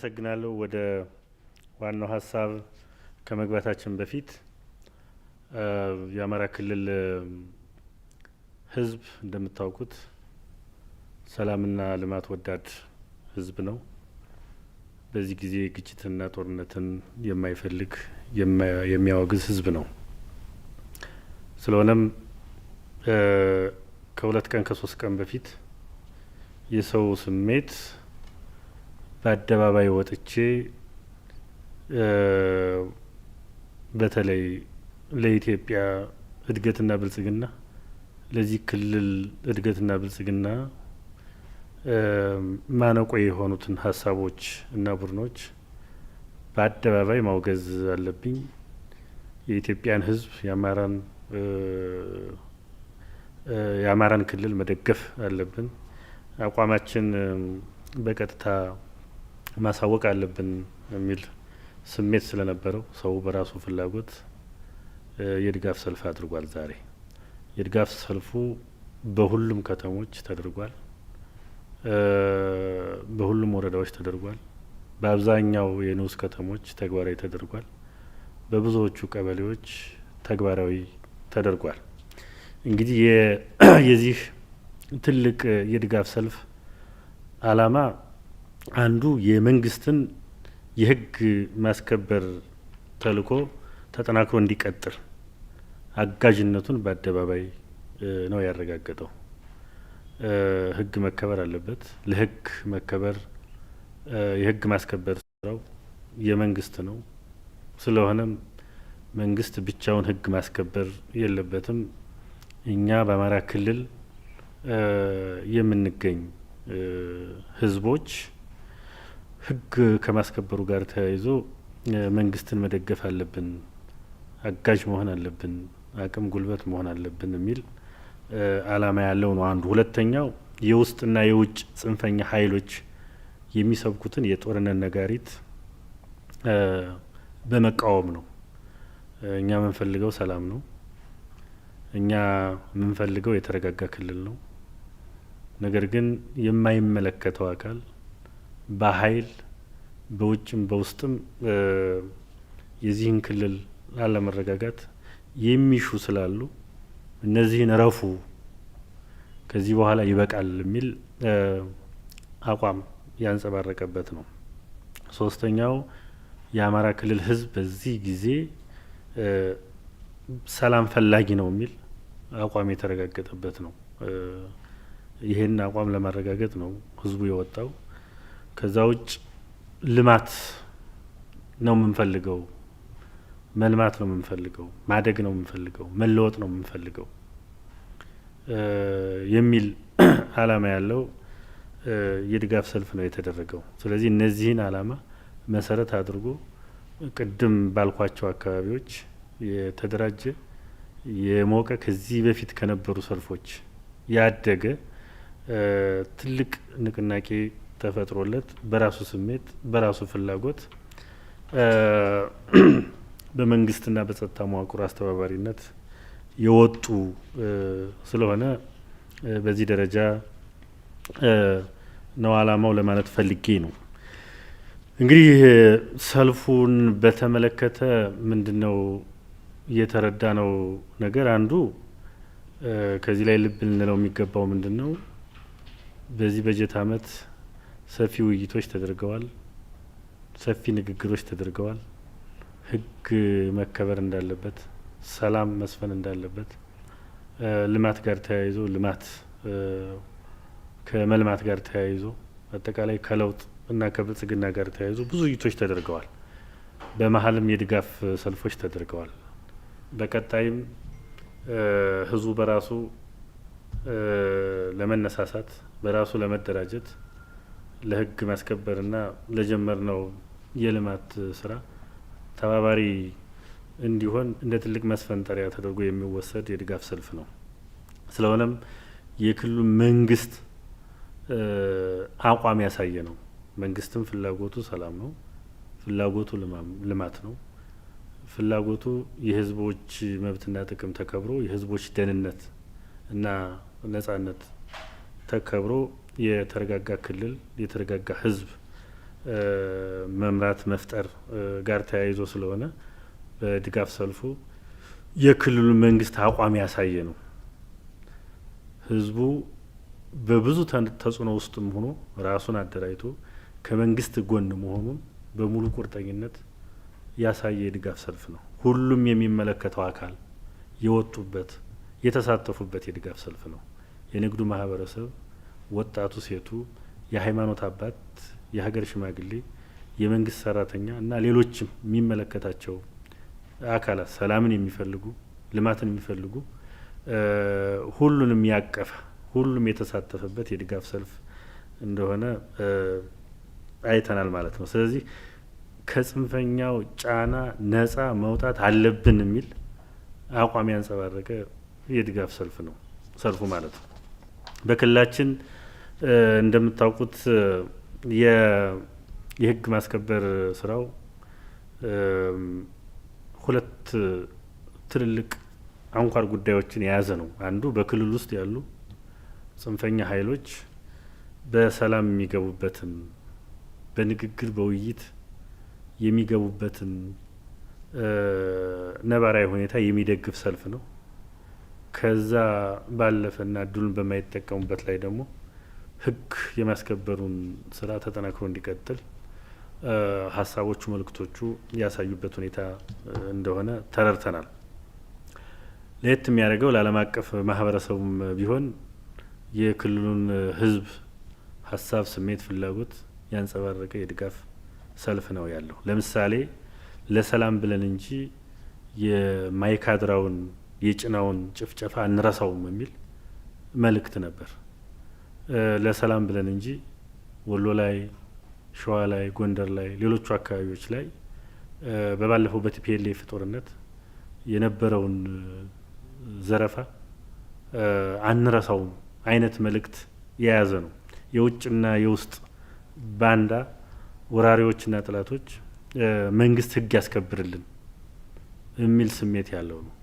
አመሰግናለሁ። ወደ ዋናው ሀሳብ ከመግባታችን በፊት የአማራ ክልል ህዝብ እንደምታውቁት ሰላምና ልማት ወዳድ ህዝብ ነው። በዚህ ጊዜ ግጭትና ጦርነትን የማይፈልግ የሚያወግዝ ህዝብ ነው። ስለሆነም ከሁለት ቀን ከሶስት ቀን በፊት የሰው ስሜት በአደባባይ ወጥቼ በተለይ ለኢትዮጵያ እድገትና ብልጽግና ለዚህ ክልል እድገትና ብልጽግና ማነቆ የሆኑትን ሀሳቦች እና ቡድኖች በአደባባይ ማውገዝ አለብኝ። የኢትዮጵያን ሕዝብ የአማራን የአማራን ክልል መደገፍ አለብን። አቋማችን በቀጥታ ማሳወቅ አለብን የሚል ስሜት ስለነበረው ሰው በራሱ ፍላጎት የድጋፍ ሰልፍ አድርጓል። ዛሬ የድጋፍ ሰልፉ በሁሉም ከተሞች ተደርጓል። በሁሉም ወረዳዎች ተደርጓል። በአብዛኛው የንዑስ ከተሞች ተግባራዊ ተደርጓል። በብዙዎቹ ቀበሌዎች ተግባራዊ ተደርጓል። እንግዲህ የዚህ ትልቅ የድጋፍ ሰልፍ አላማ አንዱ የመንግስትን የህግ ማስከበር ተልእኮ ተጠናክሮ እንዲቀጥል አጋዥነቱን በአደባባይ ነው ያረጋገጠው። ህግ መከበር አለበት። ለህግ መከበር የህግ ማስከበር ስራው የመንግስት ነው። ስለሆነም መንግስት ብቻውን ህግ ማስከበር የለበትም። እኛ በአማራ ክልል የምንገኝ ህዝቦች ህግ ከማስከበሩ ጋር ተያይዞ መንግስትን መደገፍ አለብን፣ አጋዥ መሆን አለብን፣ አቅም ጉልበት መሆን አለብን የሚል አላማ ያለው ነው አንዱ። ሁለተኛው የውስጥና የውጭ ጽንፈኛ ኃይሎች የሚሰብኩትን የጦርነት ነጋሪት በመቃወም ነው። እኛ የምንፈልገው ሰላም ነው። እኛ የምንፈልገው የተረጋጋ ክልል ነው። ነገር ግን የማይመለከተው አካል በኃይል በውጭም በውስጥም የዚህን ክልል ላለመረጋጋት የሚሹ ስላሉ እነዚህን ረፉ ከዚህ በኋላ ይበቃል የሚል አቋም ያንጸባረቀበት ነው። ሶስተኛው የአማራ ክልል ህዝብ በዚህ ጊዜ ሰላም ፈላጊ ነው የሚል አቋም የተረጋገጠበት ነው። ይህን አቋም ለማረጋገጥ ነው ህዝቡ የወጣው። ከዛ ውጭ ልማት ነው የምንፈልገው፣ መልማት ነው የምንፈልገው፣ ማደግ ነው የምንፈልገው፣ መለወጥ ነው የምንፈልገው የሚል አላማ ያለው የድጋፍ ሰልፍ ነው የተደረገው። ስለዚህ እነዚህን አላማ መሰረት አድርጎ ቅድም ባልኳቸው አካባቢዎች የተደራጀ የሞቀ ከዚህ በፊት ከነበሩ ሰልፎች ያደገ ትልቅ ንቅናቄ ተፈጥሮለት በራሱ ስሜት በራሱ ፍላጎት በመንግስትና በጸጥታ መዋቅሩ አስተባባሪነት የወጡ ስለሆነ በዚህ ደረጃ ነው አላማው ለማለት ፈልጌ ነው። እንግዲህ ሰልፉን በተመለከተ ምንድነው የተረዳ ነው ነገር አንዱ ከዚህ ላይ ልብ ልንለው የሚገባው ምንድን ነው በዚህ በጀት አመት ሰፊ ውይይቶች ተደርገዋል። ሰፊ ንግግሮች ተደርገዋል። ህግ መከበር እንዳለበት፣ ሰላም መስፈን እንዳለበት፣ ልማት ጋር ተያይዞ ልማት ከመልማት ጋር ተያይዞ አጠቃላይ ከለውጥ እና ከብልጽግና ጋር ተያይዞ ብዙ ውይይቶች ተደርገዋል። በመሀልም የድጋፍ ሰልፎች ተደርገዋል። በቀጣይም ህዝቡ በራሱ ለመነሳሳት በራሱ ለመደራጀት ለህግ ማስከበርና ለጀመርነው የልማት ስራ ተባባሪ እንዲሆን እንደ ትልቅ መስፈንጠሪያ ተደርጎ የሚወሰድ የድጋፍ ሰልፍ ነው። ስለሆነም የክልሉ መንግስት አቋም ያሳየ ነው። መንግስትም ፍላጎቱ ሰላም ነው፣ ፍላጎቱ ልማት ነው፣ ፍላጎቱ የህዝቦች መብትና ጥቅም ተከብሮ የህዝቦች ደህንነት እና ነጻነት ተከብሮ የተረጋጋ ክልል የተረጋጋ ህዝብ መምራት መፍጠር ጋር ተያይዞ ስለሆነ በድጋፍ ሰልፉ የክልሉ መንግስት አቋም ያሳየ ነው። ህዝቡ በብዙ ተጽዕኖ ውስጥም ሆኖ ራሱን አደራጅቶ ከመንግስት ጎን መሆኑን በሙሉ ቁርጠኝነት ያሳየ የድጋፍ ሰልፍ ነው። ሁሉም የሚመለከተው አካል የወጡበት የተሳተፉበት የድጋፍ ሰልፍ ነው። የንግዱ ማህበረሰብ ወጣቱ፣ ሴቱ፣ የሃይማኖት አባት፣ የሀገር ሽማግሌ፣ የመንግስት ሰራተኛ እና ሌሎችም የሚመለከታቸው አካላት ሰላምን የሚፈልጉ ልማትን የሚፈልጉ ሁሉንም ያቀፈ ሁሉም የተሳተፈበት የድጋፍ ሰልፍ እንደሆነ አይተናል ማለት ነው። ስለዚህ ከጽንፈኛው ጫና ነጻ መውጣት አለብን የሚል አቋም ያንጸባረቀ የድጋፍ ሰልፍ ነው ሰልፉ ማለት ነው። በክልላችን እንደምታውቁት የህግ ማስከበር ስራው ሁለት ትልልቅ አንኳር ጉዳዮችን የያዘ ነው። አንዱ በክልል ውስጥ ያሉ ጽንፈኛ ኃይሎች በሰላም የሚገቡበትን በንግግር በውይይት የሚገቡበትን ነባራዊ ሁኔታ የሚደግፍ ሰልፍ ነው። ከዛ ባለፈና እድሉን በማይጠቀሙበት ላይ ደግሞ ህግ የሚያስከበሩን ስራ ተጠናክሮ እንዲቀጥል ሀሳቦቹ፣ መልእክቶቹ ያሳዩበት ሁኔታ እንደሆነ ተረድተናል። ለየት የሚያደርገው ለዓለም አቀፍ ማህበረሰቡም ቢሆን የክልሉን ህዝብ ሀሳብ፣ ስሜት፣ ፍላጎት ያንጸባረቀ የድጋፍ ሰልፍ ነው ያለው። ለምሳሌ ለሰላም ብለን እንጂ የማይካድራውን የጭናውን ጭፍጨፋ አንረሳውም የሚል መልእክት ነበር። ለሰላም ብለን እንጂ ወሎ ላይ፣ ሸዋ ላይ፣ ጎንደር ላይ፣ ሌሎቹ አካባቢዎች ላይ በባለፈው በቲፒኤልኤፍ ጦርነት የነበረውን ዘረፋ አንረሳውም አይነት መልእክት የያዘ ነው። የውጭና የውስጥ ባንዳ ወራሪዎችና ጠላቶች መንግስት ህግ ያስከብርልን የሚል ስሜት ያለው ነው።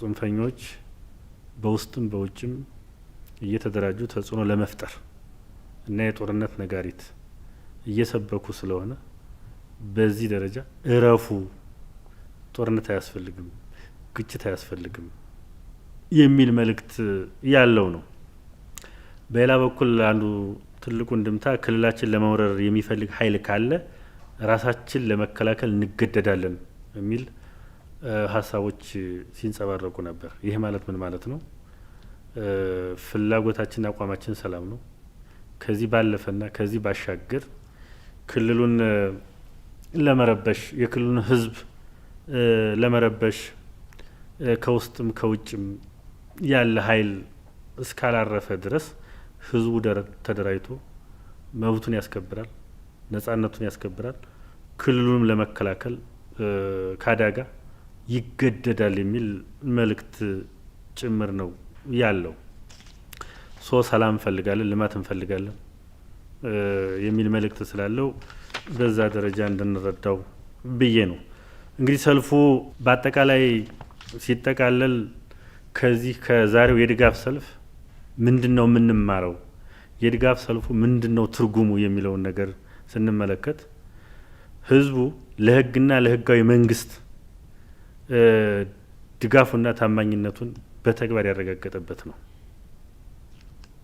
ጽንፈኞች በውስጥም በውጭም እየተደራጁ ተጽዕኖ ለመፍጠር እና የጦርነት ነጋሪት እየሰበኩ ስለሆነ በዚህ ደረጃ እረፉ፣ ጦርነት አያስፈልግም፣ ግጭት አያስፈልግም የሚል መልእክት ያለው ነው። በሌላ በኩል አንዱ ትልቁ እንድምታ ክልላችን ለመውረር የሚፈልግ ኃይል ካለ ራሳችን ለመከላከል እንገደዳለን የሚል ሀሳቦች ሲንጸባረቁ ነበር። ይህ ማለት ምን ማለት ነው? ፍላጎታችንና አቋማችን ሰላም ነው። ከዚህ ባለፈና ከዚህ ባሻገር ክልሉን ለመረበሽ የክልሉን ህዝብ ለመረበሽ ከውስጥም ከውጭም ያለ ኃይል እስካላረፈ ድረስ ህዝቡ ተደራጅቶ መብቱን ያስከብራል፣ ነጻነቱን ያስከብራል፣ ክልሉንም ለመከላከል ከአደጋ ይገደዳል የሚል መልእክት ጭምር ነው። ያለው ሶ ሰላም እንፈልጋለን፣ ልማት እንፈልጋለን የሚል መልእክት ስላለው በዛ ደረጃ እንድንረዳው ብዬ ነው። እንግዲህ ሰልፉ በአጠቃላይ ሲጠቃለል ከዚህ ከዛሬው የድጋፍ ሰልፍ ምንድን ነው የምንማረው፣ የድጋፍ ሰልፉ ምንድን ነው ትርጉሙ የሚለውን ነገር ስንመለከት ህዝቡ ለህግና ለህጋዊ መንግስት ድጋፉና ታማኝነቱን በተግባር ያረጋገጠበት ነው።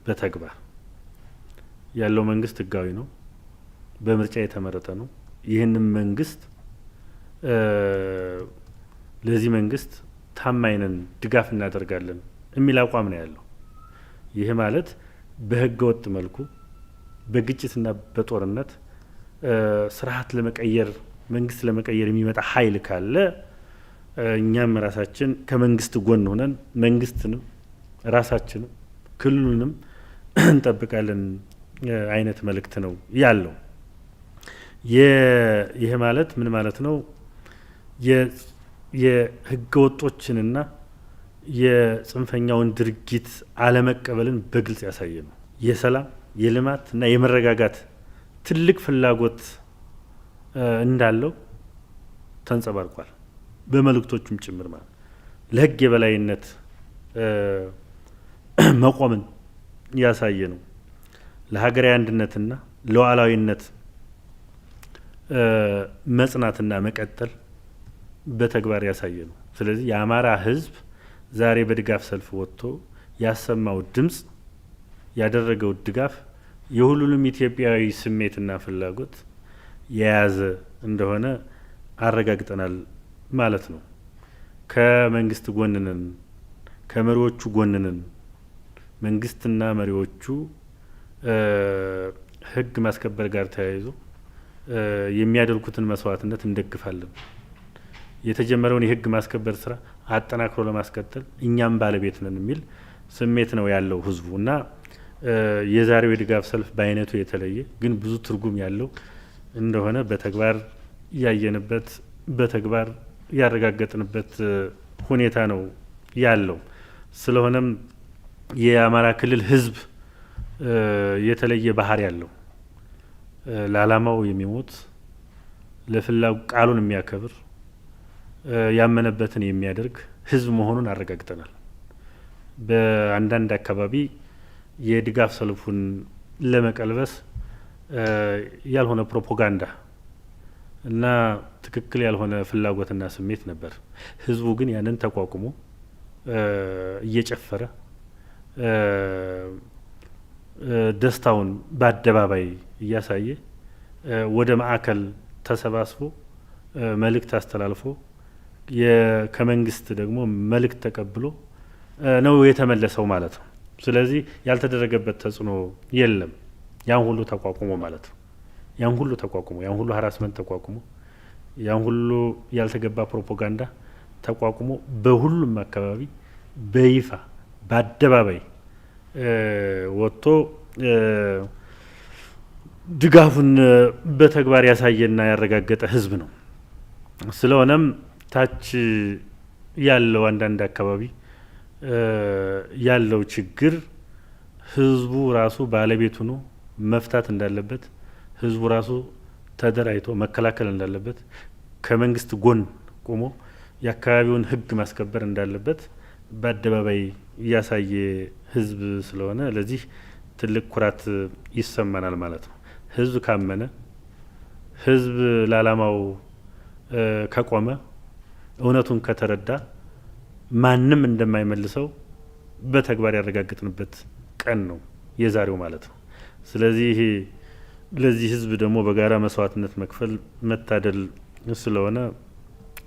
በተግባር ያለው መንግስት ህጋዊ ነው፣ በምርጫ የተመረጠ ነው። ይህንም መንግስት ለዚህ መንግስት ታማኝ ድጋፍ እናደርጋለን የሚል አቋም ነው ያለው። ይህ ማለት በህገ ወጥ መልኩ በግጭትና በጦርነት ስርዓት ለመቀየር መንግስት ለመቀየር የሚመጣ ሀይል ካለ እኛም ራሳችን ከመንግስት ጎን ሆነን መንግስትንም ራሳችንም ክልሉንም እንጠብቃለን አይነት መልእክት ነው ያለው። ይህ ማለት ምን ማለት ነው? የህገ ወጦችንና የጽንፈኛውን ድርጊት አለመቀበልን በግልጽ ያሳየ ነው። የሰላም የልማት እና የመረጋጋት ትልቅ ፍላጎት እንዳለው ተንጸባርቋል። በመልእክቶቹም ጭምር ማለት ለህግ የበላይነት መቆምን ያሳየ ነው። ለሀገራዊ አንድነትና ለሉዓላዊነት መጽናትና መቀጠል በተግባር ያሳየ ነው። ስለዚህ የአማራ ህዝብ ዛሬ በድጋፍ ሰልፍ ወጥቶ ያሰማው ድምፅ ያደረገው ድጋፍ የሁሉንም ኢትዮጵያዊ ስሜትና ፍላጎት የያዘ እንደሆነ አረጋግጠናል። ማለት ነው። ከመንግስት ጎንንን፣ ከመሪዎቹ ጎንንን። መንግስትና መሪዎቹ ህግ ማስከበር ጋር ተያይዞ የሚያደርጉትን መስዋዕትነት እንደግፋለን። የተጀመረውን የህግ ማስከበር ስራ አጠናክሮ ለማስቀጠል እኛም ባለቤት ነን የሚል ስሜት ነው ያለው ህዝቡ እና የዛሬው የድጋፍ ሰልፍ በአይነቱ የተለየ ግን ብዙ ትርጉም ያለው እንደሆነ በተግባር ያየንበት በተግባር ያረጋገጥንበት ሁኔታ ነው ያለው። ስለሆነም የአማራ ክልል ህዝብ የተለየ ባህሪ ያለው ለዓላማው የሚሞት ለፍላጎ ቃሉን የሚያከብር ያመነበትን የሚያደርግ ህዝብ መሆኑን አረጋግጠናል። በአንዳንድ አካባቢ የድጋፍ ሰልፉን ለመቀልበስ ያልሆነ ፕሮፓጋንዳ እና ትክክል ያልሆነ ፍላጎትና ስሜት ነበር። ህዝቡ ግን ያንን ተቋቁሞ እየጨፈረ ደስታውን በአደባባይ እያሳየ ወደ ማዕከል ተሰባስቦ መልእክት አስተላልፎ ከመንግስት ደግሞ መልእክት ተቀብሎ ነው የተመለሰው ማለት ነው። ስለዚህ ያልተደረገበት ተጽዕኖ የለም። ያን ሁሉ ተቋቁሞ ማለት ነው። ያን ሁሉ ተቋቁሞ ያን ሁሉ ሀራስመንት ተቋቁሞ ያን ሁሉ ያልተገባ ፕሮፓጋንዳ ተቋቁሞ በሁሉም አካባቢ በይፋ በአደባባይ ወጥቶ ድጋፉን በተግባር ያሳየና ያረጋገጠ ህዝብ ነው። ስለሆነም ታች ያለው አንዳንድ አካባቢ ያለው ችግር ህዝቡ ራሱ ባለቤት ሆኖ መፍታት እንዳለበት ህዝቡ ራሱ ተደራጅቶ መከላከል እንዳለበት ከመንግስት ጎን ቆሞ የአካባቢውን ህግ ማስከበር እንዳለበት በአደባባይ እያሳየ ህዝብ ስለሆነ ለዚህ ትልቅ ኩራት ይሰማናል ማለት ነው። ህዝብ ካመነ፣ ህዝብ ለዓላማው ከቆመ፣ እውነቱን ከተረዳ ማንም እንደማይመልሰው በተግባር ያረጋግጥንበት ቀን ነው የዛሬው ማለት ነው። ስለዚህ ለዚህ ህዝብ ደግሞ በጋራ መስዋዕትነት መክፈል መታደል ስለሆነ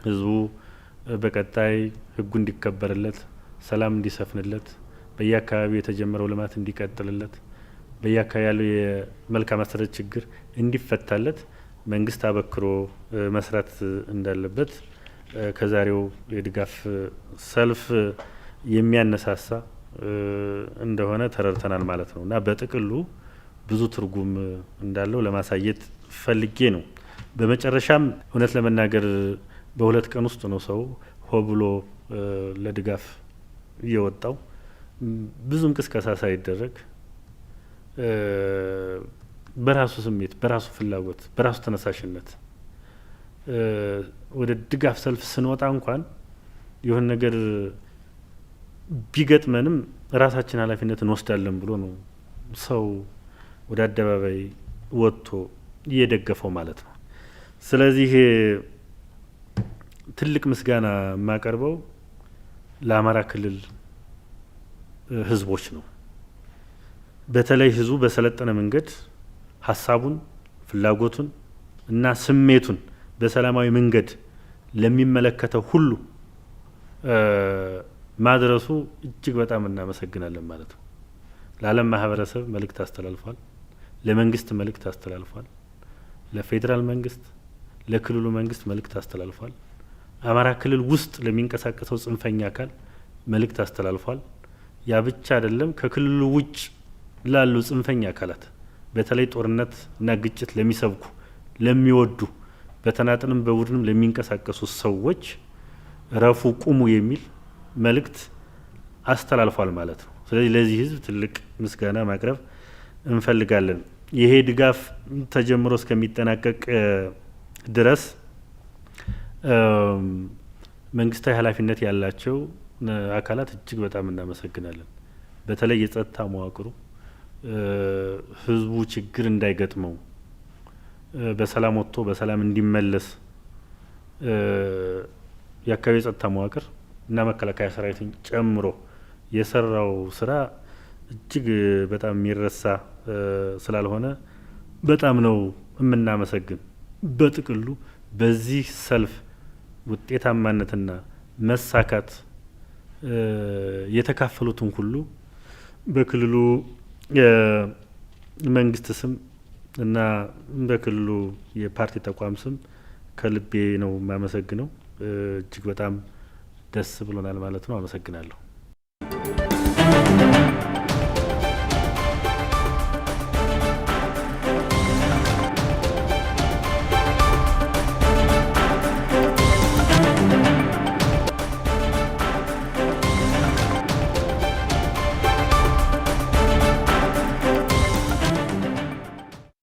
ህዝቡ በቀጣይ ህጉ እንዲከበርለት፣ ሰላም እንዲሰፍንለት፣ በየአካባቢው የተጀመረው ልማት እንዲቀጥልለት፣ በየአካባቢ ያለው የመልካም አስተዳደር ችግር እንዲፈታለት መንግስት አበክሮ መስራት እንዳለበት ከዛሬው የድጋፍ ሰልፍ የሚያነሳሳ እንደሆነ ተረድተናል ማለት ነው እና በጥቅሉ ብዙ ትርጉም እንዳለው ለማሳየት ፈልጌ ነው። በመጨረሻም እውነት ለመናገር በሁለት ቀን ውስጥ ነው ሰው ሆ ብሎ ለድጋፍ እየወጣው ብዙ ቅስቀሳ ሳይደረግ በራሱ ስሜት፣ በራሱ ፍላጎት፣ በራሱ ተነሳሽነት ወደ ድጋፍ ሰልፍ ስንወጣ እንኳን የሆን ነገር ቢገጥመንም ራሳችን ኃላፊነት እንወስዳለን ብሎ ነው ሰው ወደ አደባባይ ወጥቶ እየደገፈው ማለት ነው። ስለዚህ ትልቅ ምስጋና የማቀርበው ለአማራ ክልል ህዝቦች ነው። በተለይ ህዝቡ በሰለጠነ መንገድ ሀሳቡን፣ ፍላጎቱን እና ስሜቱን በሰላማዊ መንገድ ለሚመለከተው ሁሉ ማድረሱ እጅግ በጣም እናመሰግናለን ማለት ነው። ለዓለም ማህበረሰብ መልእክት አስተላልፏል። ለመንግስት መልእክት አስተላልፏል። ለፌዴራል መንግስት፣ ለክልሉ መንግስት መልእክት አስተላልፏል። አማራ ክልል ውስጥ ለሚንቀሳቀሰው ጽንፈኛ አካል መልእክት አስተላልፏል። ያ ብቻ አይደለም። ከክልሉ ውጭ ላሉ ጽንፈኛ አካላት በተለይ ጦርነት እና ግጭት ለሚሰብኩ ለሚወዱ በተናጥንም በቡድንም ለሚንቀሳቀሱ ሰዎች ረፉ፣ ቁሙ የሚል መልእክት አስተላልፏል ማለት ነው። ስለዚህ ለዚህ ህዝብ ትልቅ ምስጋና ማቅረብ እንፈልጋለን። ይሄ ድጋፍ ተጀምሮ እስከሚጠናቀቅ ድረስ መንግስታዊ ኃላፊነት ያላቸው አካላት እጅግ በጣም እናመሰግናለን። በተለይ የጸጥታ መዋቅሩ ህዝቡ ችግር እንዳይገጥመው በሰላም ወጥቶ በሰላም እንዲመለስ የአካባቢ የጸጥታ መዋቅር እና መከላከያ ሰራዊትን ጨምሮ የሰራው ስራ እጅግ በጣም የሚረሳ ስላልሆነ በጣም ነው የምናመሰግን። በጥቅሉ በዚህ ሰልፍ ውጤታማነትና መሳካት የተካፈሉትን ሁሉ በክልሉ የመንግስት ስም እና በክልሉ የፓርቲ ተቋም ስም ከልቤ ነው የማመሰግነው። እጅግ በጣም ደስ ብሎናል ማለት ነው። አመሰግናለሁ።